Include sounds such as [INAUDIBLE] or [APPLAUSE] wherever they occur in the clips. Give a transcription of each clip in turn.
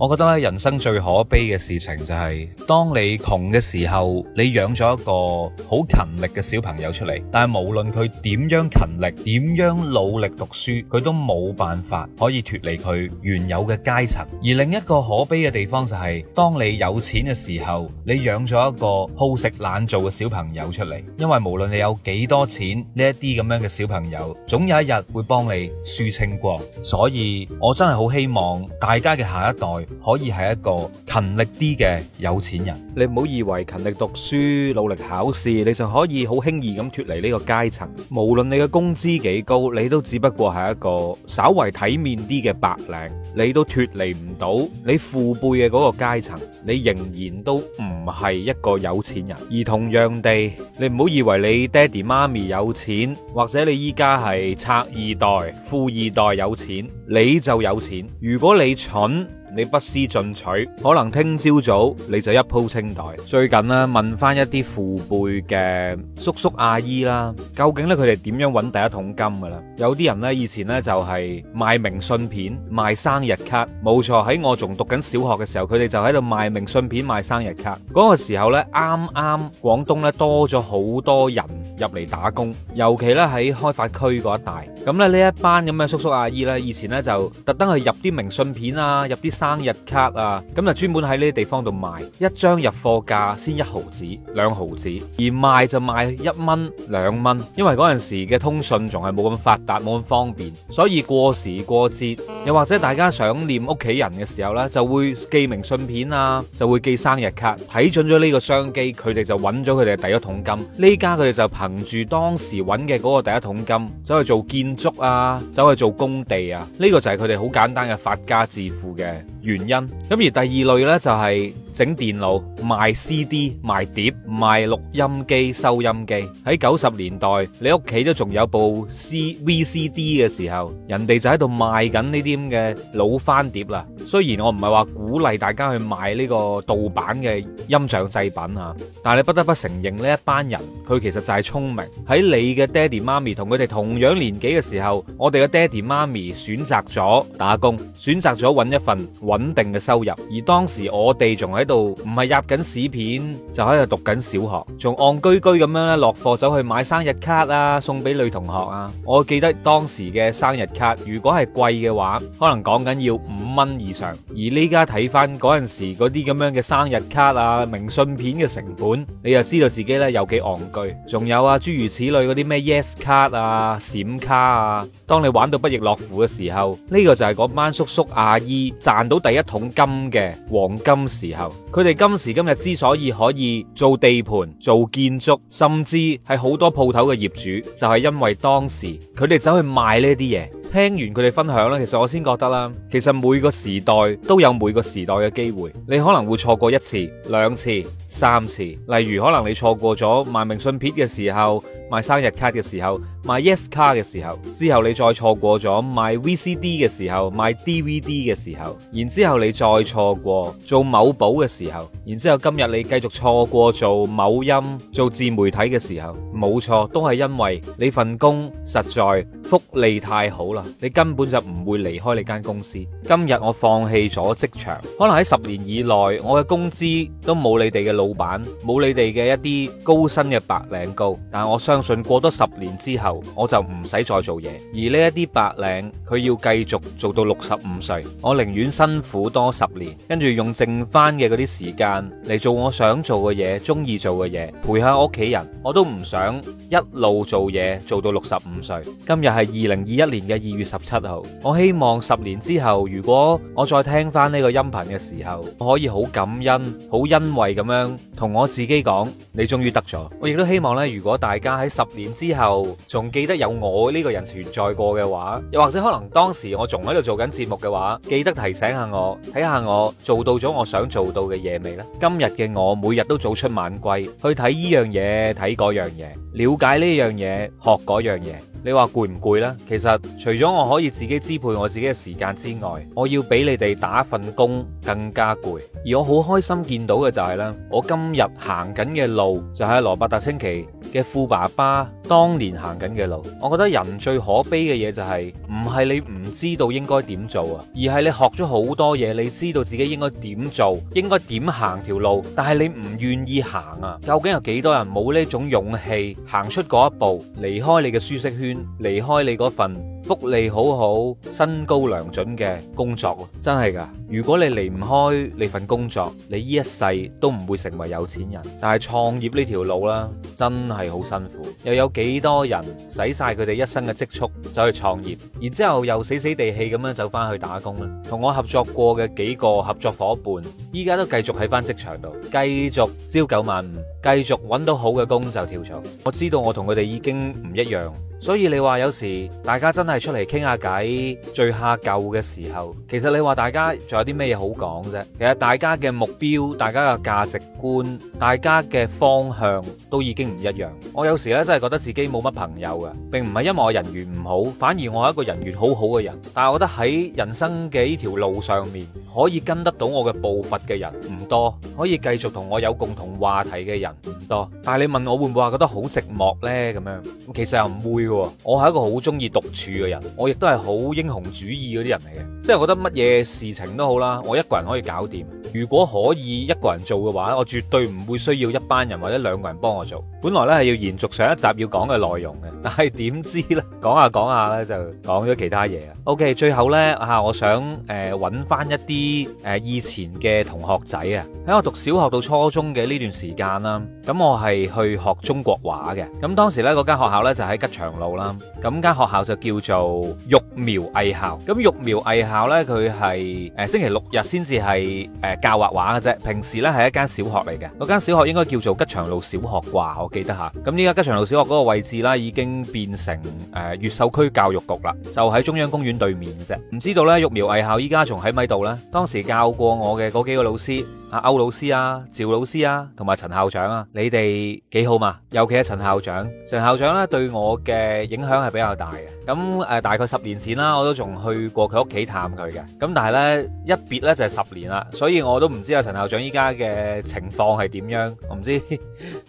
我覺得人生最可悲嘅事情就係，當你窮嘅時候，你養咗一個好勤力嘅小朋友出嚟，但係無論佢點樣勤力，點樣努力讀書，佢都冇辦法可以脫離佢原有嘅階層。而另一個可悲嘅地方就係，當你有錢嘅時候，你養咗一個好食懶做嘅小朋友出嚟，因為無論你有幾多錢，呢一啲咁樣嘅小朋友，總有一日會幫你輸清光。所以我真係好希望大家嘅下一代。可以係一個勤力啲嘅有錢人，你唔好以為勤力讀書、努力考試，你就可以好輕易咁脫離呢個階層。無論你嘅工資幾高，你都只不過係一個稍微體面啲嘅白領，你都脫離唔到你父輩嘅嗰個階層，你仍然都唔係一個有錢人。而同樣地，你唔好以為你爹哋媽咪有錢，或者你依家係拆二代、富二代有錢，你就有錢。如果你蠢。你不思進取，可能聽朝早你就一鋪清袋。最近呢問翻一啲父輩嘅叔叔阿姨啦，究竟呢佢哋點樣揾第一桶金㗎啦？有啲人呢以前呢就係賣明信片、賣生日卡，冇錯喺我仲讀緊小學嘅時候，佢哋就喺度賣明信片、賣生日卡。嗰個時候呢啱啱廣東呢多咗好多人入嚟打工，尤其呢喺開發區嗰一帶。咁呢呢一班咁嘅叔叔阿姨呢，以前呢就特登去入啲明信片啊，入啲。生日卡啊，咁就專門喺呢啲地方度賣，一張入貨價先一毫紙、兩毫紙，而賣就賣一蚊、兩蚊。因為嗰陣時嘅通訊仲係冇咁發達、冇咁方便，所以過時過節又或者大家想念屋企人嘅時候呢，就會寄明信片啊，就會寄生日卡。睇準咗呢個商機，佢哋就揾咗佢哋第一桶金。呢家佢哋就憑住當時揾嘅嗰個第一桶金，走去做建築啊，走去做工地啊。呢個就係佢哋好簡單嘅發家致富嘅。原因。咁，而第二類咧就係、是。整電腦、賣 CD、賣碟、賣錄音機、收音機。喺九十年代，你屋企都仲有部 CVCD 嘅時候，人哋就喺度賣緊呢啲咁嘅老翻碟啦。雖然我唔係話鼓勵大家去買呢個盜版嘅音像製品嚇，但係你不得不承認呢一班人佢其實就係聰明。喺你嘅爹哋媽咪同佢哋同樣年紀嘅時候，我哋嘅爹哋媽咪選擇咗打工，選擇咗揾一份穩定嘅收入，而當時我哋仲喺度唔係入緊紙片，就喺度讀緊小學，仲戇居居咁樣咧，落課走去買生日卡啊，送俾女同學啊。我記得當時嘅生日卡，如果係貴嘅話，可能講緊要五蚊以上。而呢家睇翻嗰陣時嗰啲咁樣嘅生日卡啊、明信片嘅成本，你就知道自己呢有幾戇居。仲有啊，諸如此類嗰啲咩 Yes 卡啊、閃卡啊，當你玩到不亦樂乎嘅時候，呢個就係嗰班叔叔阿姨賺到第一桶金嘅黃金時候。佢哋今時今日之所以可以做地盤、做建築，甚至係好多鋪頭嘅業主，就係因為當時佢哋走去賣呢啲嘢。聽完佢哋分享咧，其實我先覺得啦，其實每個時代都有每個時代嘅機會，你可能會錯過一次、兩次、三次。例如可能你錯過咗賣明信片嘅時候，賣生日卡嘅時候。買 Yes 卡嘅時候，之後你再錯過咗買 VCD 嘅時候，買 DVD 嘅時候，然之後你再錯過做某寶嘅時候，然之後今日你繼續錯過做某音做自媒體嘅時候，冇錯，都係因為你份工實在福利太好啦，你根本就唔會離開你間公司。今日我放棄咗職場，可能喺十年以內，我嘅工資都冇你哋嘅老闆，冇你哋嘅一啲高薪嘅白領高，但我相信過多十年之後。我就唔使再做嘢，而呢一啲白領佢要繼續做到六十五歲，我寧願辛苦多十年，跟住用剩翻嘅嗰啲時間嚟做我想做嘅嘢，中意做嘅嘢，陪下屋企人，我都唔想一路做嘢做到六十五歲。今日係二零二一年嘅二月十七號，我希望十年之後，如果我再聽翻呢個音頻嘅時候，我可以好感恩、好欣慰咁樣同我自己講：你終於得咗。我亦都希望咧，如果大家喺十年之後。仲記得有我呢個人存在過嘅話，又或者可能當時我仲喺度做緊節目嘅話，記得提醒下我，睇下我做到咗我想做到嘅嘢未咧？今日嘅我每日都早出晚歸去睇依樣嘢，睇嗰樣嘢，了解呢樣嘢，學嗰樣嘢。你話攰唔攰呢？其實除咗我可以自己支配我自己嘅時間之外，我要畀你哋打份工更加攰。而我好開心見到嘅就係呢：我今日行緊嘅路就係羅伯特清崎嘅富爸爸當年行緊嘅路，我覺得人最可悲嘅嘢就係唔係你唔知道應該點做啊，而係你學咗好多嘢，你知道自己應該點做，應該點行條路，但係你唔願意行啊。究竟有幾多人冇呢種勇氣，行出嗰一步，離開你嘅舒適圈，離開你嗰份福利好好，身高良準嘅工作，真係㗎。如果你離唔開你份工作，你呢一世都唔會成為有錢人。但係創業呢條路啦，真係好辛苦。又有幾多人使晒佢哋一生嘅積蓄走去創業，然之後又死死地氣咁樣走翻去打工咧？同我合作過嘅幾個合作夥伴，依家都繼續喺翻職場度，繼續朝九晚五，繼續揾到好嘅工就跳槽。我知道我同佢哋已經唔一樣。所以你話有時大家真係出嚟傾下偈，聚下舊嘅時候，其實你話大家仲有啲咩嘢好講啫？其實大家嘅目標、大家嘅價值觀、大家嘅方向都已經唔一樣。我有時咧真係覺得自己冇乜朋友嘅，並唔係因為我人緣唔好，反而我係一個人緣好好嘅人。但係我覺得喺人生嘅呢條路上面，可以跟得到我嘅步伐嘅人唔多，可以繼續同我有共同話題嘅人唔多。但係你問我會唔會話覺得好寂寞呢？咁樣其實又唔會。我係一個好中意獨處嘅人，我亦都係好英雄主義嗰啲人嚟嘅，即係我覺得乜嘢事情都好啦，我一個人可以搞掂。如果可以一個人做嘅話，我絕對唔會需要一班人或者兩個人幫我做。本來呢係要延續上一集要講嘅內容嘅，但係點知呢？講下講下呢，就講咗其他嘢啊。OK，最後呢，嚇、啊，我想誒揾翻一啲誒、呃、以前嘅同學仔啊，喺我讀小學到初中嘅呢段時間啦，咁我係去學中國畫嘅。咁當時呢，嗰間學校呢，就喺吉祥路啦，咁間學校就叫做育苗藝校。咁育苗藝校咧，佢係誒星期六日先至係誒教畫畫嘅啫。平時咧係一間小學嚟嘅。嗰間小學應該叫做吉祥路小學啩，我記得吓。咁呢間吉祥路小學嗰個位置啦，已經變成誒越秀區教育局啦，就喺中央公園對面嘅啫。唔知道咧育苗藝校依家仲喺咪度咧？當時教過我嘅嗰幾個老師阿歐老師啊，趙老師啊，同埋陳校長啊，你哋幾好嘛？尤其係陳校長，陳校長咧對我嘅影響係比較大嘅。咁誒、呃，大概十年前啦，我都仲去過佢屋企探佢嘅。咁但係咧一別咧就係、是、十年啦，所以我都唔知阿陳校長依家嘅情況係點樣。我唔知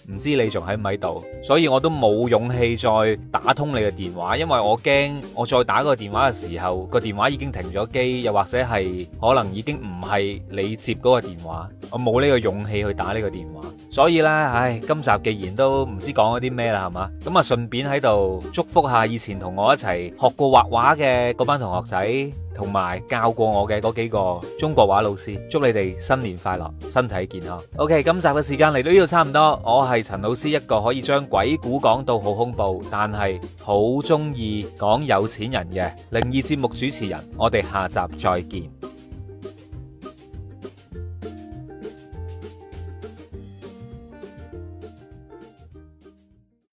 唔 [LAUGHS] 知你仲喺唔喺度，所以我都冇勇氣再打通你嘅電話，因為我驚我再打個電話嘅時候，個電話已經停咗機，又或者係可能已經唔係你接嗰個電話。我冇呢個勇氣去打呢個電話，所以呢，唉，今集既然都唔知講咗啲咩啦，係嘛？咁啊，順便喺度祝福下以前同我一齊學過畫畫嘅嗰班同學仔，同埋教過我嘅嗰幾個中國畫老師，祝你哋新年快樂，身體健康。OK，今集嘅時間嚟到呢度差唔多，我係陳老師，一個可以將鬼故講到好恐怖，但係好中意講有錢人嘅靈異節目主持人，我哋下集再見。